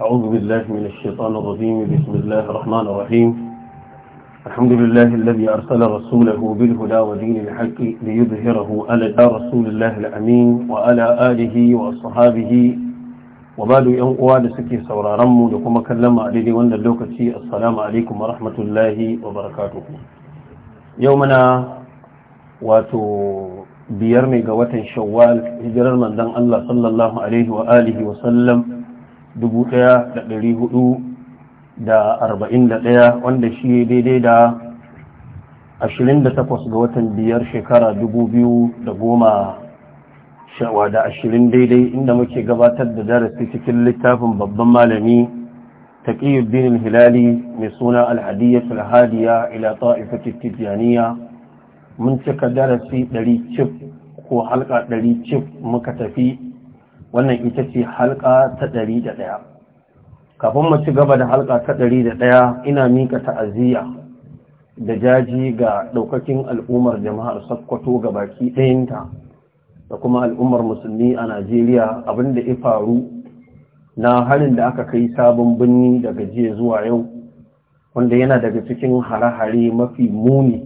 أعوذ بالله من الشيطان الرجيم بسم الله الرحمن الرحيم الحمد لله الذي أرسل رسوله بالهدى ودين الحق ليظهره على رسول الله الأمين وعلى آله وأصحابه وبعد يوم قواد سكي سورا رمو لكم كلم عليه وأن اللوكتي السلام عليكم ورحمة الله وبركاته يومنا واتو biyar mai ga watan shawwal hijirar manzon Allah sallallahu alaihi wa alihi wa sallam ɗaya, wanda shi daidai da 28 ga watan biyar shekara 2010 sha'awa da ashirin daidai inda muke gabatar da darasi cikin littafin babban malami taqiyuddin hilali mai suna al-hadiyyah ila ta'ifati mun cika darasi ɗari cif ko halka ɗari cif muka tafi wannan ita ce halka ta ɗari da ɗaya kafin mu ci gaba da halka ta ɗari da ɗaya ina mika ta'aziyya da jaji ga ɗaukakin al'ummar jama'ar sakkwato ga baki ɗayinta, da kuma al'ummar musulmi a najeriya abin da ya faru na harin da aka kai sabon birni daga jiya zuwa yau wanda yana daga cikin hare-hare mafi muni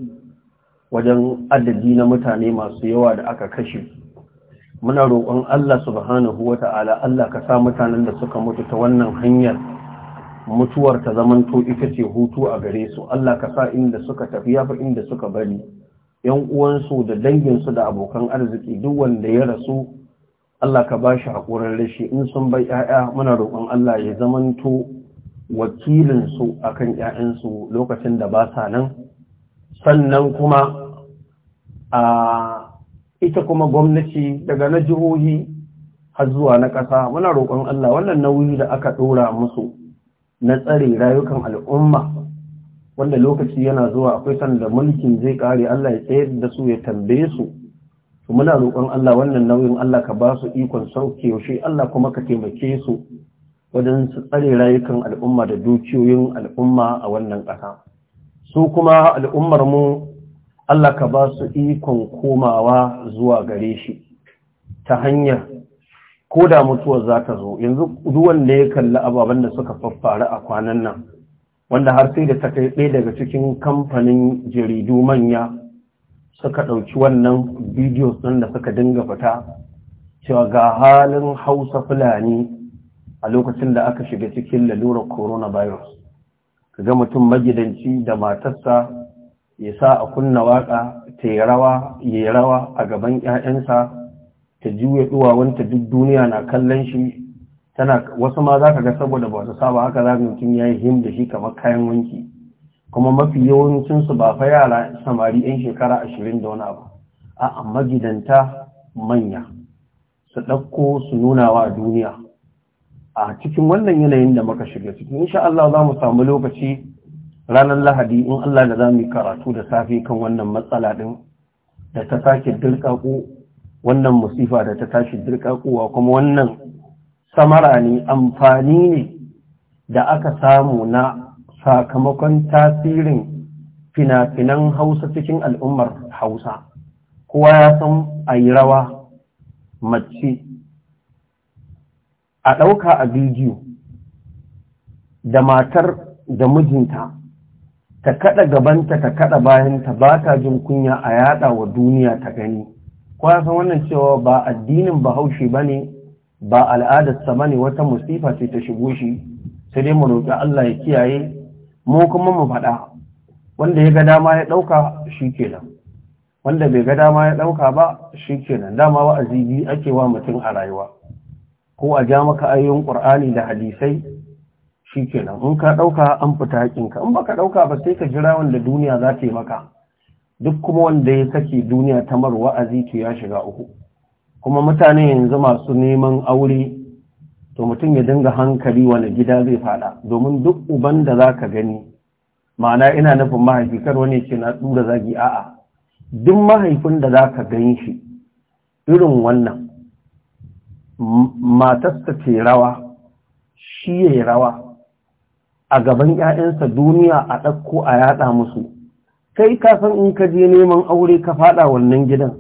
wajen adadi na mutane masu yawa da aka kashe muna roƙon Allah subhanahu wa ta'ala Allah ka sa mutanen da suka mutu ta wannan hanyar mutuwar ta zamanto ita ce hutu a gare su Allah ka sa inda suka tafi yafi inda suka bari yan uwansu da danginsu da abokan arziki duk wanda ya rasu Allah ka ba shi haƙurin rashi in sun bai ‘ya'ya muna roƙon Allah ya zamanto wakilinsu a kan ‘ya'yansu lokacin da ba sa nan sannan kuma a ita kuma gwamnati daga na jihohi har zuwa na ƙasa muna roƙon Allah wannan nauyi da aka ɗora musu na tsare rayukan al'umma wanda lokaci yana zuwa akwai sanda mulkin zai ƙare Allah ya tsayar da su ya tambaye su muna roƙon Allah wannan nauyin Allah ka ba su ikon sauke yaushe Allah kuma ka taimake su wajen su tsare rayukan al'umma da dukiyoyin al'umma a wannan ƙasa su kuma al'ummar mu Allah ka ba su ikon komawa zuwa gare shi ta hanyar ko da mutuwar za ta zo yanzu da ya kalli ababen da suka faffara a kwanan nan wanda har sai da ta kai ɗaya daga cikin kamfanin jaridu manya suka ɗauki wannan bidiyo ɗin da suka dinga fita cewa ga halin hausa fulani a lokacin da aka shiga cikin lalurar coronavirus ka ga mutum magidanci da matarsa ya sa a kunna waka ta yi rawa ya yi rawa a gaban 'ya'yansa ta juya duwawanta duk duniya na kallon shi tana wasu ma za ka ga saboda ba su saba haka za mutum ya yi him da shi kamar kayan wanki kuma mafi yawancinsu ba fa yara samari 'yan shekara ashirin da wani abu a magidanta manya su ɗauko su nuna wa duniya a cikin wannan yanayin da muka shiga cikin insha Allah za mu samu lokaci ranar lahadi in Allah da za mu yi karatu da safe kan wannan matsala din da ta sake dirƙaƙo wannan musifa da ta tashi dirƙaƙowa kuma wannan samara ne amfani ne da aka samu na sakamakon tasirin fina-finan hausa cikin al'ummar hausa kowa ya san a yi rawa mace a ɗauka a bidiyo da matar da mijinta ta kada gabanta ta kada bayanta ba ta jin kunya a yada wa duniya ta gani ya san wannan cewa ba addinin bahaushe bane ba al'adarsa bane wata musifa ce ta shigo shi sai dai mu roƙi Allah ya kiyaye mu kuma mu faɗa wanda ya ga dama ya ɗauka shi kenan wanda bai ga dama ya ɗauka ba shi kenan dama wa'azi biyu ake wa mutum a rayuwa ko a ja maka ayoyin ƙur'ani da hadisai shi kenan in ka ɗauka an fita haƙinka in ka ɗauka ba sai ka jira wanda duniya za ta yi maka duk kuma wanda ya sake duniya ta mar wa'azi to ya shiga uku kuma mutane yanzu masu neman aure to mutum ya dinga hankali wani gida zai faɗa, domin duk uban da za ka gani ma'ana ina nufin mahaifi kar wani ce na ɗura zagi a'a duk mahaifin da za ka gan shi irin wannan matarsa ce rawa shi ya yi rawa a gaban 'ya'yansa duniya a ɗakko a yaɗa musu kai ka in ka je neman aure ka faɗa wannan gidan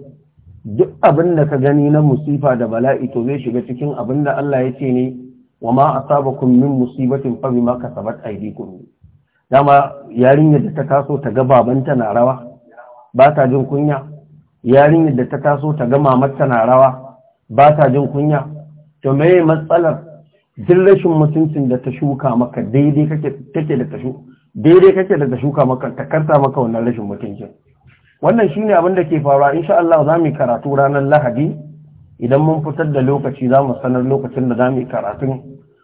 duk abin da ka gani na musifa da bala'i to zai shiga cikin abin da Allah ya ce ne wa ma a saba min musibatin fa bima kasabat aydikum dama yarinyar da ta taso ta ga babanta na rawa ba ta jin kunya yarinyar da ta taso ta ga mamarta na rawa ba ta jin kunya to me matsalar duk rashin mutuncin da ta shuka maka daidai kake take da ta shuka daidai kake da ta shuka maka ta karta maka wannan rashin mutuncin wannan shine abin da ke faruwa insha Allah za mu karatu ranar Lahadi idan mun fitar da lokaci za mu sanar lokacin da za mu karatun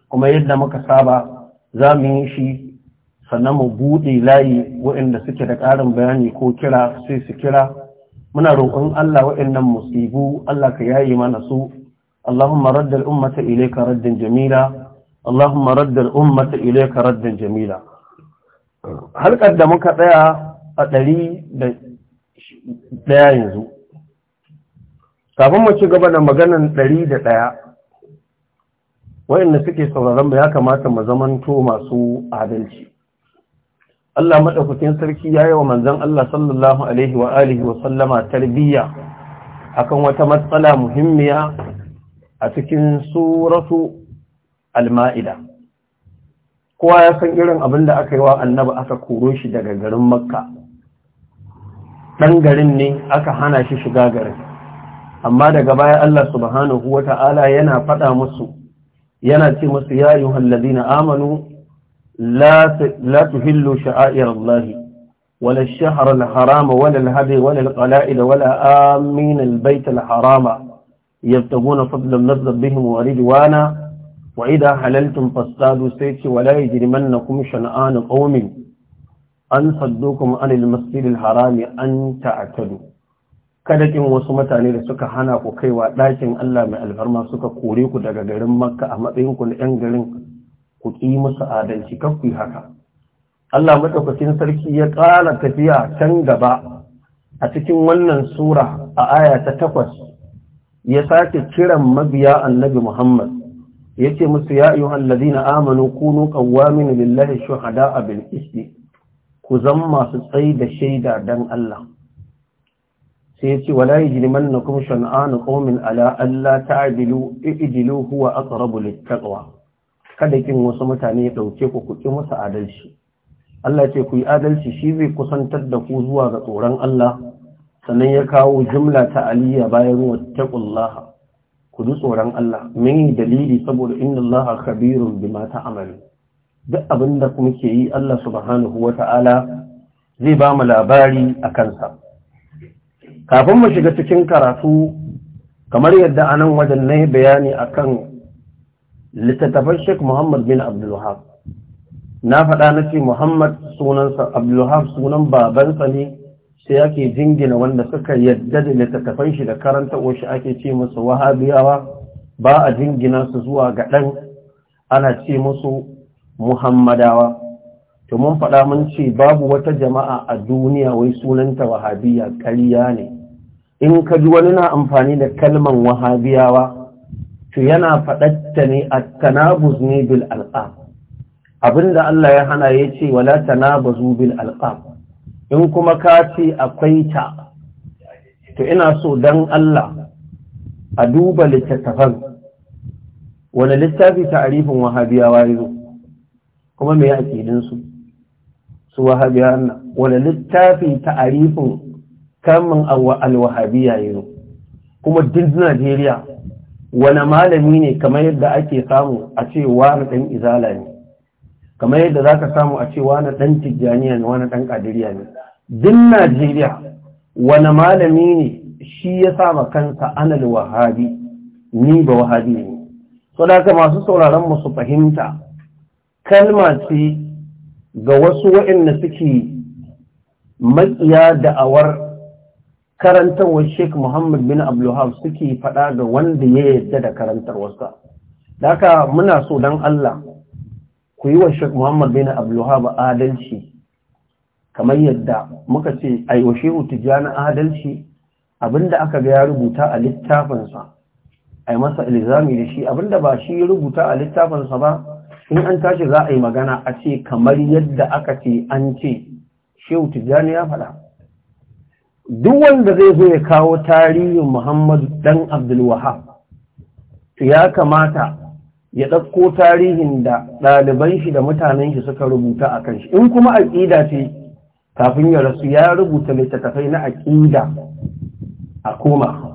kuma yadda muka saba za mu yi shi sannan mu buɗe layi waɗanda suke da ƙarin bayani ko kira sai su kira muna roƙon Allah waɗannan musibu Allah ka yaye mana su اللهم رد الأمة إليك ردا جميلا اللهم رد الأمة إليك ردا جميلا هل قدمك يا أتلي لا ينزو kafin mu ci gaba da maganan ɗari da ɗaya wayanda suke sauraron ya kamata mu zamanto masu adalci Allah madaukakin sarki yi wa manzon Allah sallallahu alaihi wa wa sallama tarbiyya akan wata matsala muhimmiya a cikin suratu al-ma'ida kowa ya san irin abin da aka yi wa annabi aka koro shi daga garin makka ɗan garin ne aka hana shi shiga garin amma daga baya Allah subhanahu wa ta'ala yana faɗa musu yana ce musu ya yi hallazi na amanu la tuhillu sha'a'ir Allah wala shahar al-harama wala al-hadi wala al-qala'id wala amin al al-harama yabtaguna fadlan nazar bihim wa ridwana wa idha halaltum fastadu sayti wa la yajrimannakum shan'an qawmin an saddukum an almasjid alharam an ta'tadu kada kin wasu mutane da suka hana ku kaiwa dakin Allah mai alfarma suka kore ku daga garin Makka a matsayin ku na ƴan garin ku ki musu adalci kan haka Allah madaukakin sarki ya kala tafiya can gaba a cikin wannan sura a aya ta takwas. ya sake kiran mabiya annabi Muhammad yace musu ya ayyuhal ladina amanu kunu qawwamin lillahi shuhada a qist ku zama masu tsayi da shaida dan Allah sai yace wala yajrimannakum shan'anu komin ala allah ta i'dilu huwa aka rabu taqwa kada kin wasu mutane ya dauke ku ku ki musu adalci Allah ce ku yi adalci shi zai kusantar da ku zuwa ga tsoron Allah sannan ya kawo jumla ta aliyya bayan ƙullaha ku ji tsoron Allah min dalili saboda inda Allah bi bima ta'malu duk abin da kuma ke yi Allah subhanahu Ta'ala, zai ba mu labari a kansa kafin mu shiga cikin karatu kamar yadda anan wajen na yi bayani a kan littattafan Sheikh Muhammad bin Abdul na faɗa na ce Muhammad sunansa sunan babansa ne sai ake jingina wanda suka yadda da littattafan shi da karanta shi ake ce musu wahabiyawa ba a jingina su zuwa ga ɗan ana ce musu muhammadawa to mun faɗa mun ce babu wata jama'a a duniya wai sunanta wahabiya ƙarya ne in ka ji wani na amfani da kalman wahabiyawa to yana faɗatta ne a tanabuz ne bil alƙab abinda Allah ya hana ya ce wala tanabazu bil al'ab in kuma ka ce akwai ta to ina so don Allah a duba littattafan wani littafi ta'arifin wahabiyawa yazo kuma me aqidin su su na wani littafi ta'arifin kamun alwahabiya yazo kuma duk Najeriya wani malami ne kamar yadda ake samu a ce wani ɗan izala ne kamar yadda za ka samu a ce wani ɗan tijjaniya ne wani ɗan ƙadiriya ne din najeriya wani malami ne shi ya sama kansa anal wahabi ni ba wahabi ne so da masu sauraron mu su fahimta kalma ce ga wasu waɗanda suke maƙiya da'awar karantarwar sheikh muhammad bin abdullahi suke faɗa ga wanda ya yarda da karantarwarsa da aka muna so don allah ku yi wa Sheikh Muhammad bin Abdul adalci kamar yadda muka ce 'Aiwa wa Shehu Tijjani adalci abinda aka ga ya rubuta a littafinsa ai masa ilzami da shi abinda ba shi rubuta a littafinsa ba in an tashi za a yi magana a ce kamar yadda aka ce an ce Shehu Tijjani ya faɗa duk wanda zai zo ya kawo tarihin Muhammad dan Abdulwahab, to ya kamata ya ɗauko tarihin da ɗalibai shi da mutanen shi suka rubuta a kan shi in kuma aƙida ce kafin ya rasu ya rubuta littattafai na aƙida a koma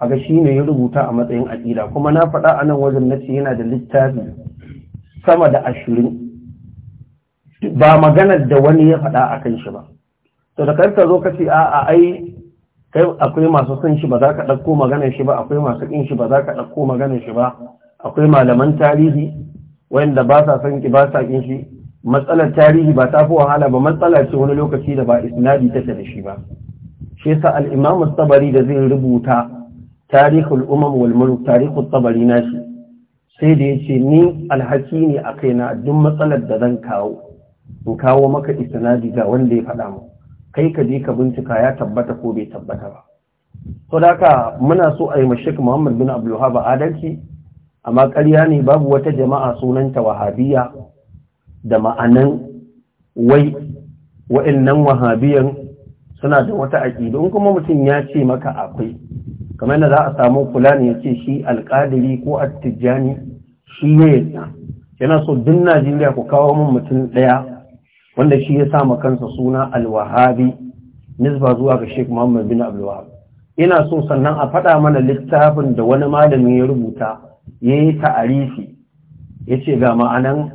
a ga shi ne ya rubuta a matsayin aƙida kuma na faɗa a nan wajen na ce yana da littafi sama da ashirin ba maganar da wani ya faɗa a kan shi ba to da karka zo ka ce a ai kai akwai masu son shi ba za ka ɗauko maganar shi ba akwai masu ƙin shi ba za ka ɗauko maganar shi ba akwai malaman tarihi wayanda ba sa son ki ba sa kin shi matsalar tarihi ba ta fi wahala ba matsala ce wani lokaci da ba isnadi take da shi ba shi yasa al-Imam tabari da zai rubuta Tarihul Umam wal Mulk Tarihul Tabari nashi sai da yace ni alhaki ne a kaina duk matsalar da zan kawo in kawo maka isnadi ga wanda ya faɗa mu kai ka je ka bincika ya tabbata ko bai tabbata ba to da muna so a yi mashik Muhammad bin Abdul Wahhab adalci amma ƙarya ne babu wata jama'a sunanta wahabiya da ma'anan wai wa'annan wahabiyan suna da wata aƙida in kuma mutum ya ce maka akwai kamar yadda za a samu kula ne ya ce shi alƙadiri ko attijani shi ya yadda yana so duk najeriya ku kawo min mutum ɗaya wanda shi ya sa kansa suna alwahabi nisba zuwa ga sheik muhammad bin abdulwahab ina so sannan a faɗa mana littafin da wani malami ya rubuta ya yi ta'arifi ya ce ga ma'anan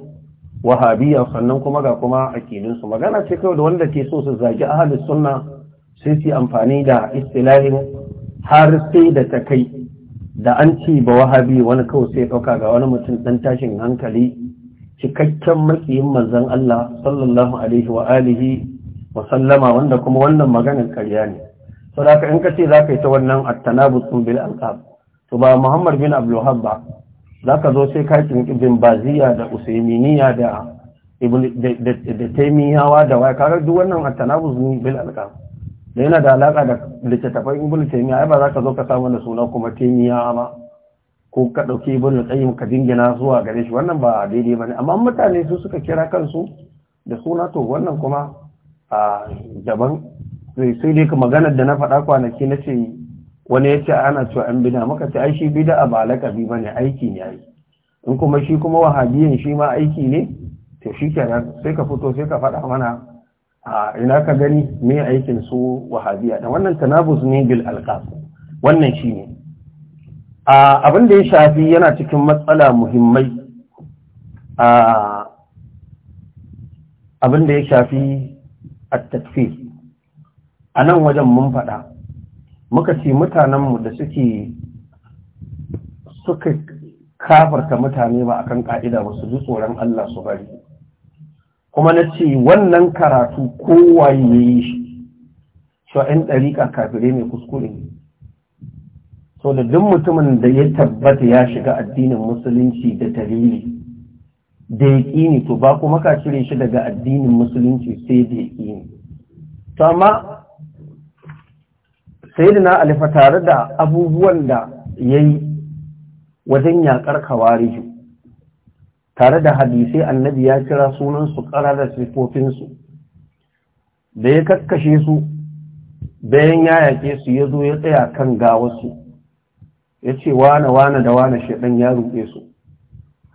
wahabiya, sannan kuma ga kuma akilinsu magana ce kawai da wanda ke so su zagi ahalus sunna sai su amfani da istilahin har sai da ta kai da an ci ba wahabi wani kawai sai ɗauka ga wani mutum ɗan tashin hankali cikakken makiyin manzan Allah sallallahu alaihi wa alihi wa sallama wanda kuma wannan maganar karya ne saboda in ka ce za ka yi ta wannan attanabu sun bil alqab to ba muhammad bin abdulhab ba za ka zo sai kakin bin baziya da usaiminiya da da taimiyawa da waya karar duk wannan attanabuz ne bil alƙam da yana da alaƙa da littattafan ibn taimiya ai ba za ka zo ka samu da suna kuma taimiyawa ba ko ka ɗauki bin qayyim ka dingina zuwa gare shi wannan ba daidai bane amma mutane su suka kira kansu da suna to wannan kuma a ah, daban sai dai ka maganar da na faɗa kwanaki na ce wani ya ce ana cewa an bida maka ta ai shi bida ba lakabi bi bane aiki ne ai in kuma shi kuma wahabiyan shi ma aiki ne to shi kenan sai ka fito sai ka faɗa mana a ina ka gani me aikin su wahabiya da wannan tanabus ne bil alqab wannan shi ne a abin da ya shafi yana cikin matsala muhimmai a abin da ya shafi at-takfir a wajen mun faɗa muka ce mutanenmu da suke suka kafarta mutane ba akan ka'ida ba su ji tsoron Allah su bari kuma na ce wannan karatu kowa ya yi shi sha'in ɗariƙa kafire mai kuskure ne so da duk mutumin da ya tabbata ya shiga addinin musulunci da dalili da ya ƙini to ba kuma ka cire shi daga addinin musulunci sai da ya ƙini to amma sayyidina ali fa tare da abubuwan da ya yi wajen yakar kawariju tare da hadisai annabi ya kira sunan su da sifofinsu. da ya kakkashe su bayan ya yake su ya zo ya tsaya kan gawarsu ya ce wane wane da wane shaɗan ya ruɗe su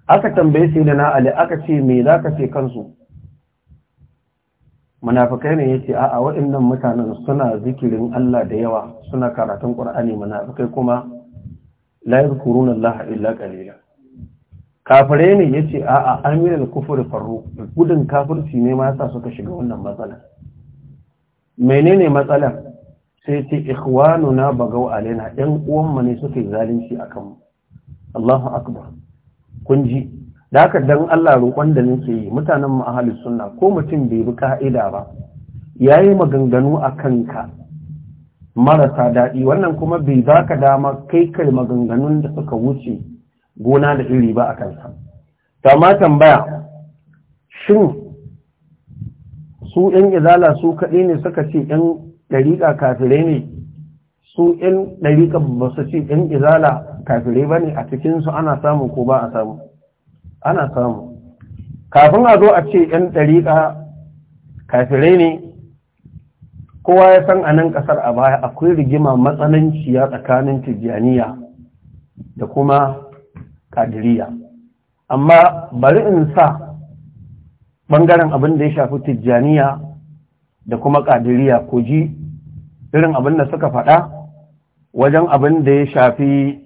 aka tambaye sai ali aka ce me za ka ce kansu munafikai ne yace a'a waɗannan mutanen suna zikirin Allah da yawa suna karatun Qur'ani munafikai kuma la yadhkuruna Allah illa qalila kafare ne ya ce a'a amiral kufur faru gudun kafirci ne ma yasa suka shiga wannan matsalar menene matsalar sai ce ikhwanuna bagau alaina ɗan uwanmu ne suke zalunci a kanmu Allahu akbar kun ji da haka don Allah roƙon da nake yi mutanen mu suna, sunna ko mutum bai bi ka'ida ba Ya yi maganganu a kanka marasa daɗi wannan kuma bai za ka dama kai kai maganganun da suka wuce gona da iri ba a kansa ta ma tambaya shin su ‘yan izala su kaɗai ne suka ce ‘yan ɗariƙa kafirai ne su ‘yan ɗariƙa ba su ce ‘yan izala kafirai ba ne a cikinsu ana samu ko ba a samu ana samu kafin a zo a ce ‘yan ɗariƙa kafirai ne kowa ya san a nan ƙasar a baya akwai rigima matsananciya tsakanin tijjaniya da kuma ƙadiriya amma bari in sa ɓangaren abin da ya shafi tijjaniya da kuma ƙadiriya ko ji irin abin da suka faɗa wajen abin da ya shafi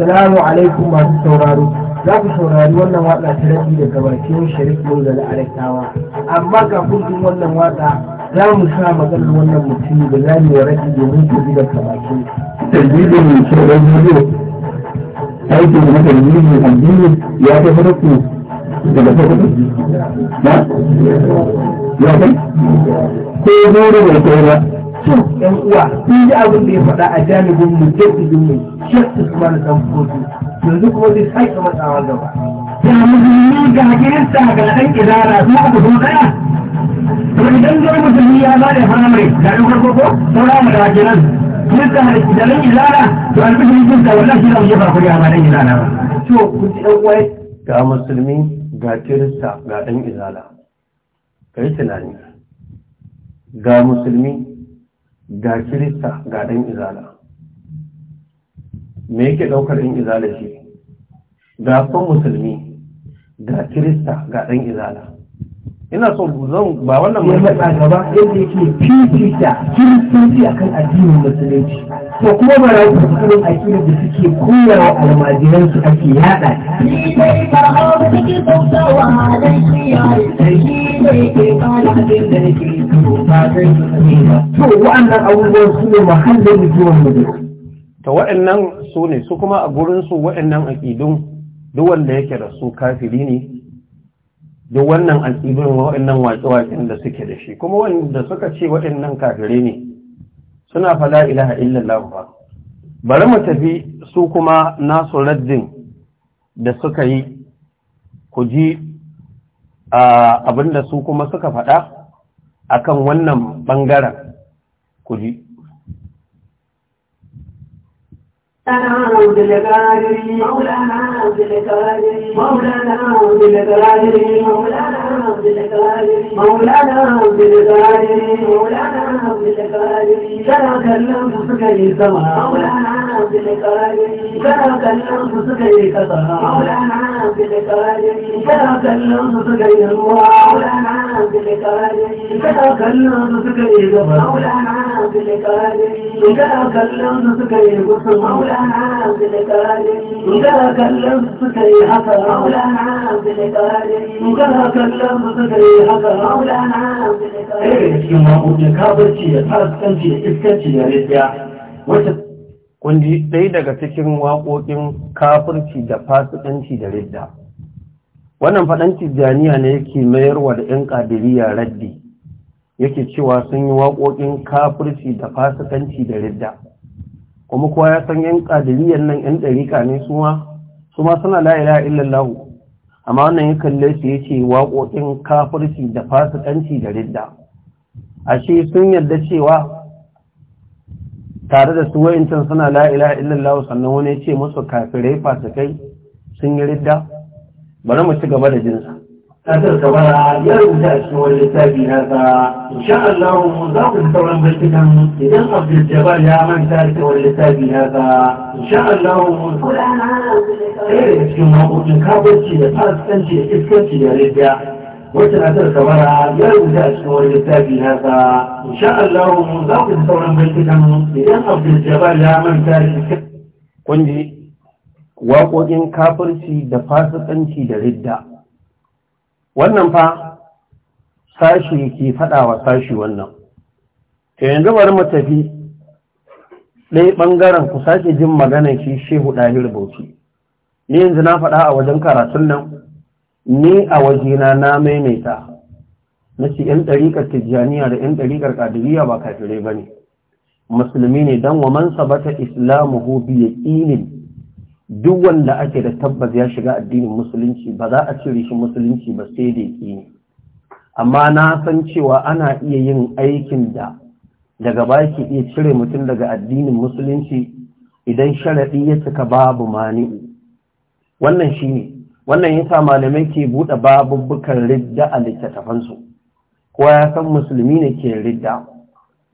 assalamu alaikum masu sauraro za ku saurari wannan watsa ta rabi daga bakin sharif da la'arakawa amma kafin din wannan watsa za mu sa maganar wannan mutum da za mu yi rabi domin ku ji daga bakin talbijin shirin bidiyo aikin na talbijin addini ya ta farko daga farko na ya kai ko dole da kai ba shin yan uwa sun yi abin da ya faɗa a janibin mu jaddidin mu shekku kuma na dan kotu yanzu kuma zai sake matsawa gaba ya musulmi ga hakirinsa ga ɗan idara su aka so ɗaya to idan zai musulmi ya ba da mai da ɗan farko ko saura mu da hakiran kirka da ɗan idara to alfishin kirka wallahi zan yi farko ya ba ɗan idara ba to kun ji ɗan uwa ga musulmi ga kirista ga ɗan izala ka yi tunani ga musulmi ga kirista ga ɗan izala me yake ɗaukar ɗan izala shi ga kan musulmi ga kirista ga ɗan izala ina son zan ba wannan mai ba yadda yake da kiristoci akan addinin musulunci to kuma ba za su irin aƙida da suke koya wa almajiran su ake yaɗa. Ni dai karɓar da ke bautawa halin kiyaye sarki dai ke bani abin da nake ba zai yi ba. To wa'annan abubuwan su ne mahallin mutuwar mu da. To wa'annan su ne su kuma a gurin su wa'annan aƙidun duk wanda yake da su kafiri ne duk wannan aƙidun wa'annan waƙe-waƙen da suke da shi kuma wanda suka ce wa'annan kafiri ne suna fada ilaha illallah ba bari mu tafi su kuma nasu raddin da suka yi ku ji abinda su kuma suka fada akan wannan bangaren ku ji أنا بالقادر مولانا بالقادر مولانا بالقادر مولانا بالقادر مولانا بالقادر مولانا بالقادر ترك الأنفس كيف مولانا بالقادر ترك الأنفس كيف مولانا بالقادر ترك الأنفس كيف مولانا بالقادر ترك الأنفس كيف مولانا بالقادر ترك الأنفس كيف مولانا مولانا ɗaya daga cikin waƙoƙin kafirci da fasikanci da ridda wannan faɗanci janiya ne yake mayarwa da 'yan ƙadiriya raddi yake cewa sun yi waƙoƙin kafirci da fasikanci da ridda kuma kowa ya san yan ƙadiriyan nan yan ɗariƙa ne su ma su ma suna la ilaha illallah amma wannan ya kalle su ya ce waƙoƙin kafirci da fasikanci da ridda ashe sun yarda cewa tare da su wa'incan suna la ilaha sannan wani ya ce musu kafirai fasikai sun yi ridda bari mu ci gaba da jinsa ƙasar kabara ya rubuta a cikin wani littafi nasa insha Allah za ku sauran bincikan idan Abdul Jabbar ya manta da wani littafi nasa insha Allah ɗaya daga cikin makokin kabarci da fasikanci da iskanci da rijiya wacce na tar kabara ya rubuta a cikin wani littafi nasa insha Allah za ku sauran bincikan idan Abdul Jabbar ya manta da iskanci. Kun ji waƙoƙin kafirci da fasikanci da ridda. wannan fa sashi ke faɗawa wa sashi wannan ta yanzu bari mu tafi ɗaya ɓangaren ku sake jin maganar shi shehu ɗahir bauchi ni yanzu na faɗa a wajen karatun nan ni a waje na maimaita na ce ‘yan ɗariƙar tijjaniya da ‘yan ɗariƙar ƙadiriya ba kafirai ba ne musulmi ne dan wa man sabata islamu hu biya ƙinin duk wanda ake da tabbas ya shiga addinin musulunci ba za a cire shi musulunci ba sai da yake ne amma na san cewa ana iya yin aikin da daga baki ke iya cire mutum daga addinin musulunci idan sharaɗi ya cika babu mani wannan shi ne wannan yasa malamai ke buɗe babubbukan ridda a littattafansu ko ya san musulmi ne ke ridda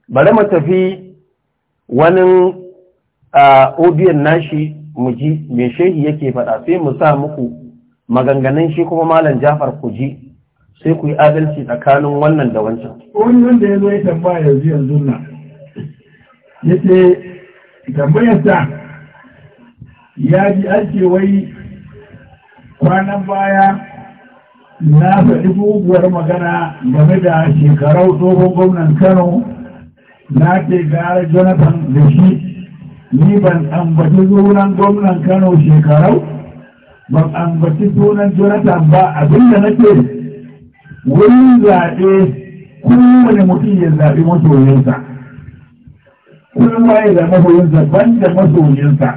bari mu tafi wani a nashi mu ji me shehi yake faɗa sai mu sa muku maganganun shi kuma malam Jafar ku ji sai ku yi adalci tsakanin wannan da wancan wani wanda ya zo ya tambaya yanzu yanzu na ya ce sa ya ji ake wai kwanan baya na faɗi buguwar magana game da shekarau tsohon gwamnan Kano na ce gara Jonathan da shi ni ban ambaci sunan gwamnan kano shekarau ban ambaci sunan jonathan ba abinda nake wani zaɓe kowane mutum ya zaɓi masoyinsa kowa ya zaɓi masoyinsa ban da masoyinsa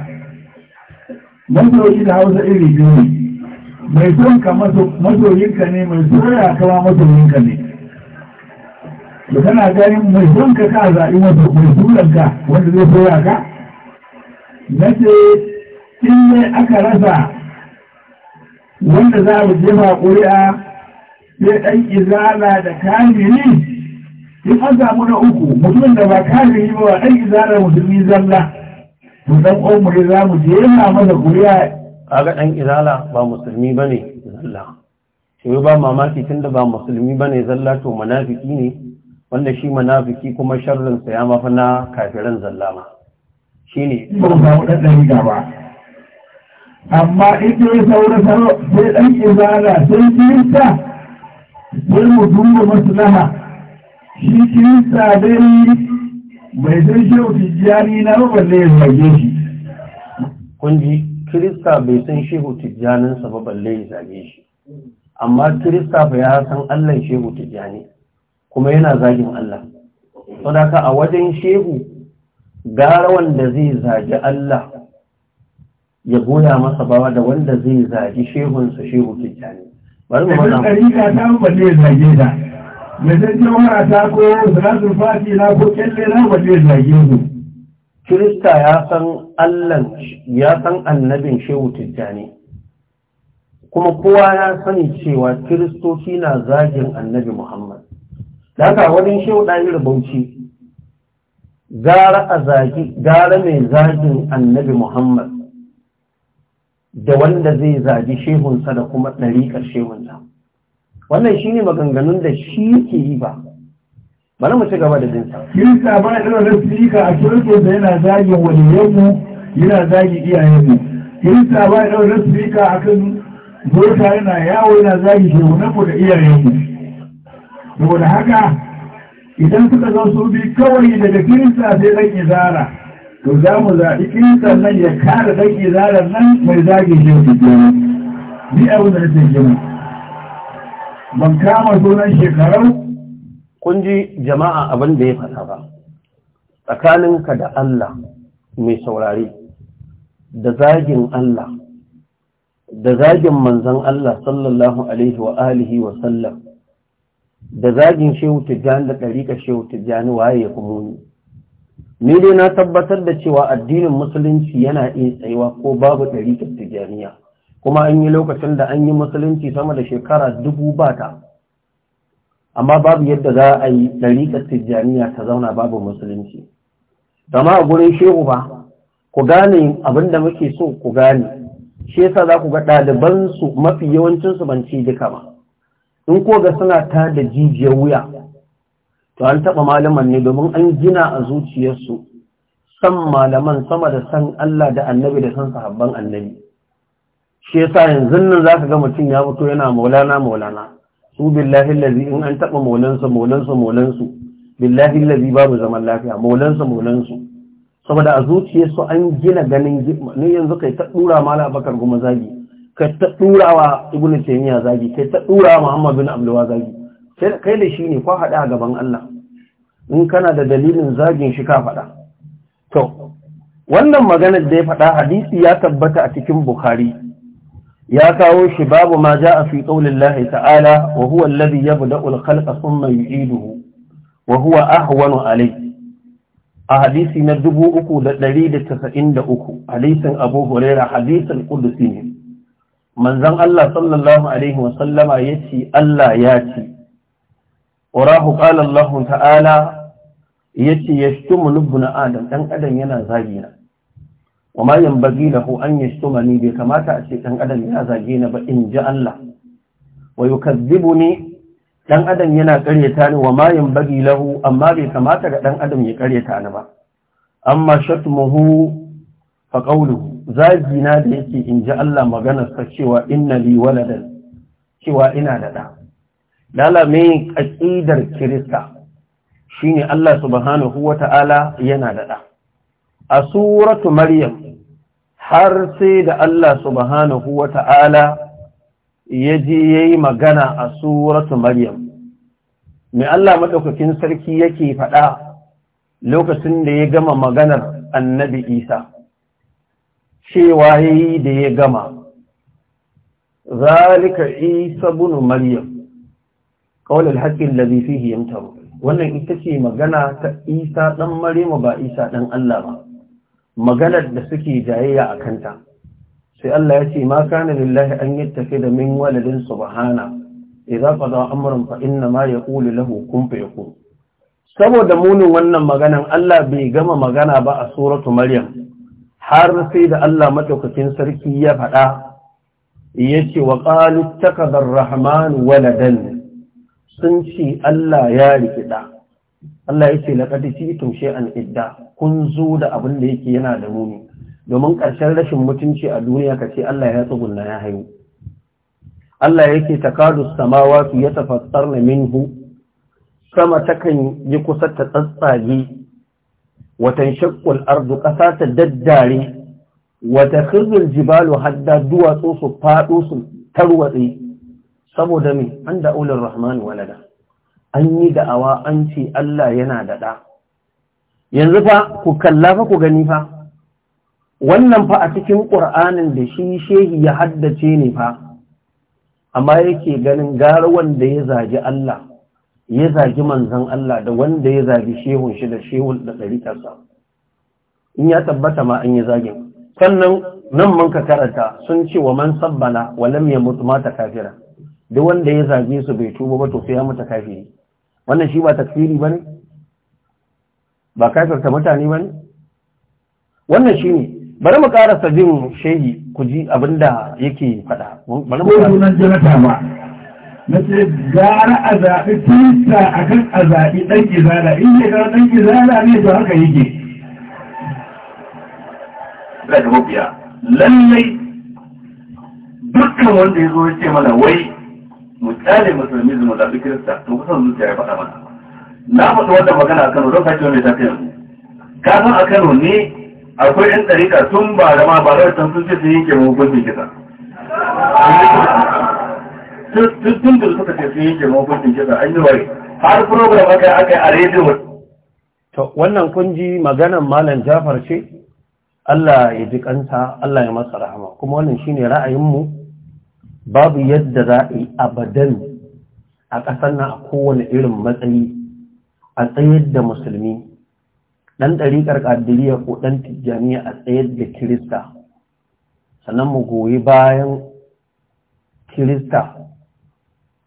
masoyi da hausa iri biyu mai son ka masoyinka ne mai soya kama masoyinka ne da kana ganin mai son ka ka zaɓi masoyinka wanda zai soya ka na ce in ne aka rasa wanda za mu jefa ƙuri'a sai ɗan izala da kamiri in an samu na uku mutumin da ba kamiri ba wa ɗan izala musulmi zalla mu ɗan ƙwamuri za mu jefa masa ƙuri'a a ga ɗan izala ba musulmi ba ne zalla sai ba mamaki tun da ba musulmi ba ne zalla to manafiki ne wanda shi manafiki kuma sharrinsa ya mafi na kafiran zallama shine ba samu ɗan ɗari gaba amma ita ya saura sai ɗan izala sai kirista sai mu duba maslaha shi kirista dai bai san shehu tijjani na ba balle ya zage shi kun ji kirista bai san shehu tijjaninsa ba balle ya zage shi amma kirista fa ya san allah shehu tijjani kuma yana zagin allah saboda a wajen shehu gara wanda zai zagi Allah ya goya masa bawa da wanda zai zagi shehunsa shehu tijjani bari mu mana ɗarika ta balle zage da ya san wara ta ko salatul fati na ko kelle na balle zage su kirista ya san Allah ya san annabin shehu tijjani kuma kowa ya sani cewa kiristoci na zagin annabi Muhammad da haka wani shehu ɗan rubauci gara a zagi gara mai zagin annabi Muhammad da wanda zai zagi shehunsa da kuma ɗariƙar shehunsa wannan shine maganganun da shi yake yi ba bari mu ci gaba da jinsa jinsa ba da da sika a cikin da yana zagin wani waliyanmu yana zagin iyayenmu jinsa ba da a sika akan mota yana yawo yana zagin shehunanmu da iyayenmu saboda haka idan suka zo su bi kawai daga kirista sai ɗan izara to za mu zaɓi kiristan nan ya kare ɗan zara nan mai zage shi su bi ni abin da nake kenan ban kama sunan shekarau kun ji jama'a abin da ya faɗa ba tsakaninka da Allah mai saurari da zagin Allah da zagin manzan Allah sallallahu alaihi wa alihi wa sallam da zagin shehu tijjani da ɗariƙa shehu tijjani waye ya kuma ni ni dai na tabbatar da cewa addinin musulunci yana iya tsayuwa ko babu ɗariƙar tijjaniya kuma an yi lokacin da an yi musulunci sama da shekara dubu bata amma babu yadda za a yi ɗariƙar tijjaniya ta zauna babu musulunci zama a gurin shehu ba ku gane abin da muke so ku gane shi yasa za ku ga ɗalibansu mafi yawancinsu ban ci duka ba in koga suna ta da jijiyar wuya to an taɓa malaman ne domin an gina a zuciyarsu san malaman sama da san Allah da annabi da san sahabban annabi shi yasa yanzu nan zaka ga mutum ya fito yana maulana maulana su billahi allazi in an taɓa su maulan maulansu billahi allazi babu zaman lafiya maulan maulansu saboda a zuciyarsu an gina ganin ne yanzu kai ta dura mala bakar goma zagi ka ta ɗurawa ibn taymiya zagi kai ta ɗurawa muhammad bin abdullah zagi sai kai da shi ne ko haɗa a gaban Allah in kana da dalilin zagin shi ka faɗa to wannan maganar da ya faɗa hadisi ya tabbata a cikin bukhari ya kawo shi babu ma ja'a fi qaulillahi ta'ala wa huwa alladhi yabda'u al-khalqa thumma yu'iduhu wa huwa ahwanu alayhi a hadisi na 3393 hadisin abu hurairah hadisin qudsi ne manzan Allah sallallahu alaihi wasallama yace Allah ya ce ta'ala qala Allah ta'ala yace yashtumu lubbuna adam dan adam yana zagina wama yanbaghi lahu an ni? bai kamata a ce dan adam yana zagina ba in ji Allah wa yukazzibuni dan adam yana karyata ni Wa wama yanbaghi lahu amma bai kamata ga dan adam ya karyata ni ba amma shatmuhu fa qawluhu zagi na da yake in ji Allah maganar sa cewa inna li waladan cewa ina da da lala me aqidar kirista ne Allah subhanahu wata'ala yana da a suratu maryam har sai da Allah subhanahu wata'ala ya je yayi magana a suratu maryam mai Allah maɗaukakin sarki yake faɗa lokacin da ya gama maganar annabi Isa cewa yayi da ya gama zalika isa ibn maryam qawl al-haqq alladhi fihi wannan ita ce magana ta isa ɗan maryama ba isa ɗan Allah ba maganar da suke jayayya a kanta. sai Allah ya ce ma kana lillahi an yi da min waladin subhana idza qada amurin fa'in inna ma yaqulu lahu kun fayakun saboda munin wannan maganan Allah bai gama magana ba a suratu maryam har sai da Allah madaukakin sarki ya faɗa yace wa qalu takadar rahman waladan sun ce Allah ya rikida Allah ce laqad ji'tum an idda kun zo da abin da yake yana da muni domin ƙarshen rashin mutunci a duniya kace Allah ya tsugunna ya hayu Allah yake takadu samawati yatafattarna minhu sama takan yi kusa ta tsatsage watan shakkul ardu ƙasa ta daddare wata khirzul jibalu hadda duwatsu su faɗo su tarwatsi saboda mai an da ulin rahman walada an yi da'awa an ce Allah yana da ɗa yanzu fa ku kalla fa ku gani fa wannan fa a cikin ƙur'anin da shi shehi ya haddace ne fa amma yake ganin gara wanda ya zaji Allah ya zagi manzan Allah da wanda ya zagi shehun shi da shehun da ɗariƙarsa in ya tabbata ma an yi zagin sannan nan mun ka karanta sun ce wa man sabbana wa lam yamut mata kafira duk wanda ya zagi su bai tuba ba to sai ya mutu kafiri wannan shi ba takfiri bane ba kafirta mutane bane wannan shine bari mu karasa jin shehi ku ji abinda yake faɗa bari mu karasa na ce gara a zaɓi kirista a kan a zaɓi ɗan gizala in yi gara ɗan gizala ne to haka yake daga mafiya lallai dukkan wanda ya zo ya ce mana wai mu tsale musulmi mu zaɓi kirista to kusan zuciya ya faɗa mana na faɗi wannan magana a kano don kacewa mai tafiya ka san a kano ne akwai 'yan ɗarika sun ba da ma ba da sun ce sun yanke hukuncin kisa tun da suka wannan kun maganan malam jafar ce Allah ya ji kansa Allah ya masa rahama kuma wannan shine ra'ayin mu babu yadda za a yi abadan a ƙasar nan a kowane irin matsayi a tsayar da musulmi ɗan ɗariƙar kadiriya ko ɗan tijjaniya a tsayar da kirista sannan mu goyi bayan kirista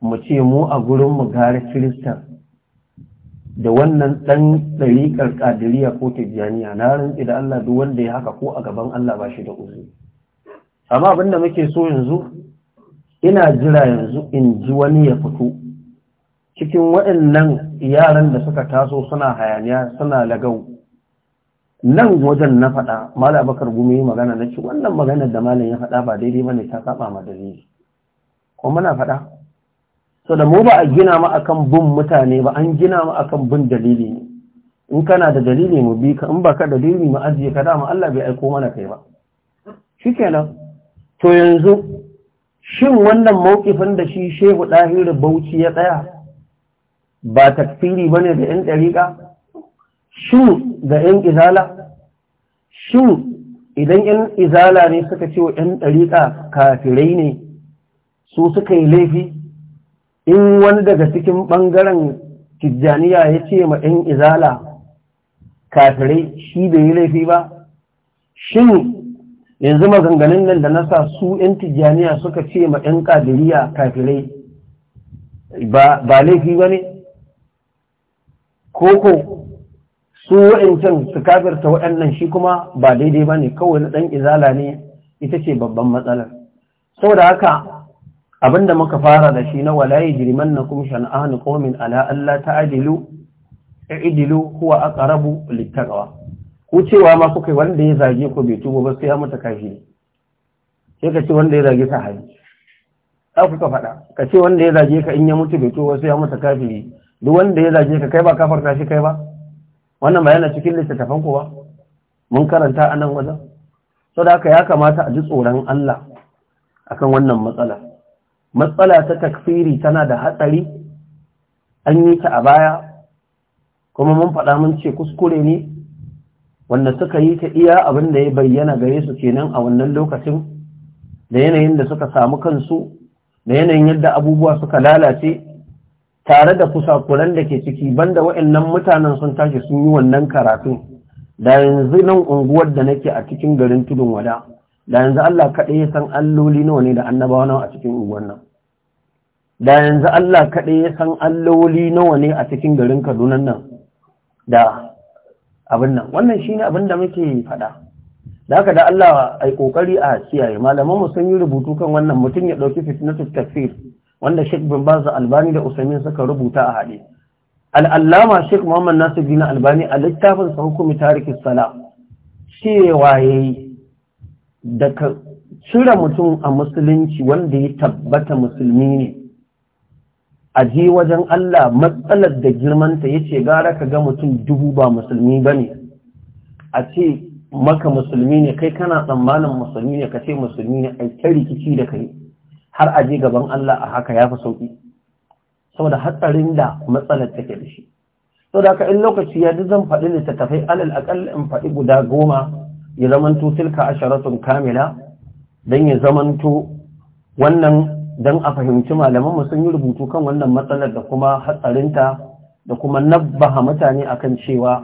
mu ce mu a gurinmu gari kirista da wannan ɗan ɗariƙar ƙadiriya ko tijjaniya na rantsi da Allah duk wanda ya haka ko a gaban Allah ba shi da uzu amma abin da muke so yanzu ina jira yanzu in ji wani ya fito cikin waɗannan yaran da suka taso suna hayaniya suna lagau nan wajen na faɗa mala bakar gumi magana na ci wannan maganar da malam ya faɗa ba daidai ba ne ta saba ma Kuma ko muna faɗa so da mu ba a gina mu akan bin mutane ba an gina mu akan bin dalili ne in kana da dalili mu bi ka in ka dalili mu ajiye ka dama Allah bai aiko mana kai ba shi nan. to yanzu shin wannan mawkifin da shi Shehu ɗahiru Bauchi ya tsaya ba takfiri ne da yan dariƙa shin ga yan izala shin idan yan izala ne suka ce wa yan dariƙa kafirai ne su suka yi laifi in wani daga cikin ɓangaren tijjaniya ya ce ma ɗan izala kafirai shi bai yi laifi ba shin yanzu maganganun nan da nasa su ‘yan tijjaniya suka ce ma ‘yan ƙadiriya kafirai ba laifi ba ne? koko su wa'incan su kafirta waɗannan shi kuma ba daidai ba ne kawai na ɗan izala ne ita ce babban matsalar saboda haka abinda muka fara da shi na walayi jiriman na kuma shan'anu komin ala Allah ta adilu idilu a ƙarabu littaqwa ku cewa ma kuka wanda ya zage ku bai tubo ba sai ya mata kafi sai ka ce wanda ya zage ka haji ka kuka faɗa ka ce wanda ya zage ka in ya mutu bai tubo sai ya mata kafi duk wanda ya zage ka kai ba kafarta shi kai ba wannan ba yana cikin littattafan ku ba mun karanta a nan wajen saboda haka ya kamata a ji tsoron Allah akan wannan matsala matsala ta takfiri tana da hatsari an yi ta a baya kuma mun faɗa mun ce kuskure ne wanda suka yi ta iya abin da ya bayyana gare su kenan a wannan lokacin da yanayin da suka samu kansu da yanayin yadda abubuwa suka lalace tare da kusakuran da ke ciki banda wa'annan mutanen sun tashi sun yi wannan karatun da yanzu nan unguwar da nake a cikin garin tudun wada da yanzu Allah kaɗai ya san alloli nawa ne da annabawa nawa a cikin unguwannan. nan da yanzu Allah kaɗai ya san alloli nawa ne a cikin garin Kaduna nan da abin nan wannan shine abin da muke faɗa da haka da Allah ai kokari a kiyaye malaman mu sun yi rubutu kan wannan mutum ya dauki fitnatu tafsir wanda Sheikh bin Baz Albani da Usaimin suka rubuta a hade al-Allama Sheikh Muhammad Nasiruddin Albani a littafin sa hukumi tarikhis sala cewa yayi daga cire mutum a musulunci wanda ya tabbata musulmi ne a je wajen Allah matsalar da girmanta ya ce gara ka ga mutum dubu ba musulmi ba ne a ce maka musulmi ne kai kana tsammanin musulmi ne ka ce musulmi ne ai ta rikici da kai har a je gaban Allah a haka ya fi sauƙi saboda hatsarin da matsalar take da shi saboda haka in lokaci ya zan faɗi littattafai alal aƙalla in faɗi guda goma ya zamanto tilka asharatun kamila don ya zamanto wannan don a fahimci malamanmu sun yi rubutu kan wannan matsalar da kuma hatsarinta da kuma nabbaha mutane akan cewa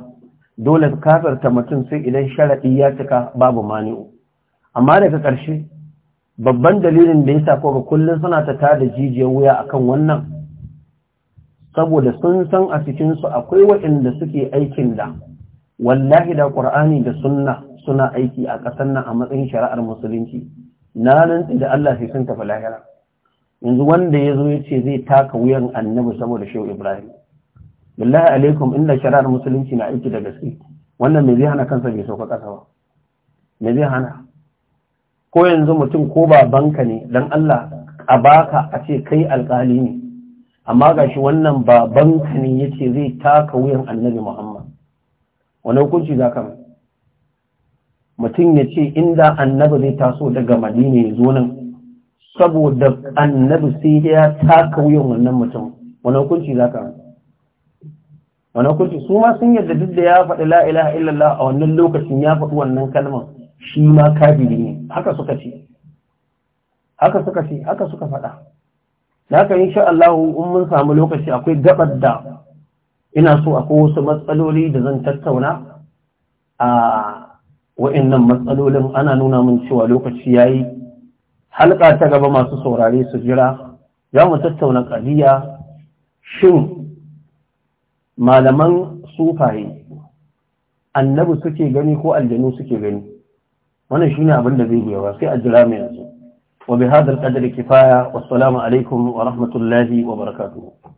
dole kafirta mutum sai idan sharaɗi ya cika babu mani'u amma daga ƙarshe babban dalilin da ya sa ga kullum suna ta tada jijiyar wuya akan wannan saboda sun san a cikinsu akwai waɗanda suke aikin da wallahi da ƙur'ani da sunna suna aiki a ƙasar nan a matsayin shari'ar musulunci na nan da Allah sai sun tafi lahira yanzu wanda ya zo ya ce zai taka wuyan annabi saboda shehu ibrahim billahi alaikum inda shari'ar musulunci na aiki da gaske wannan me zai hana kansa bai sauka ƙasa ba me zai hana ko yanzu mutum ko babanka ne dan Allah a baka a ce kai alƙali ne amma gashi wannan babanka ne yace zai taka wuyan annabi Muhammad wani hukunci za ka mai mutum ya ce inda annabi zai taso daga madina ya zo nan saboda annabi sai ya taka wuyan wannan mutum wani hukunci za ka wani hukunci su ma sun yadda duk da ya faɗi la'ilaha illallah a wannan lokacin ya faɗi wannan kalmar shi ma kabiri ne haka suka ce haka suka ce haka suka faɗa da haka yin sha'allahu in mun samu lokaci akwai gabar da ina so akwai wasu matsaloli da zan tattauna a wa'annan matsalolin ana nuna min cewa lokaci yayi halka ta gaba masu saurare su jira za mu tattauna ƙaliya shin malaman sufaye annabi suke gani ko aljanu suke gani wannan shine abin da zai biya sai a jira mai yanzu wa bi hadal qadri kifaya wassalamu alaikum wa rahmatullahi wa barakatuh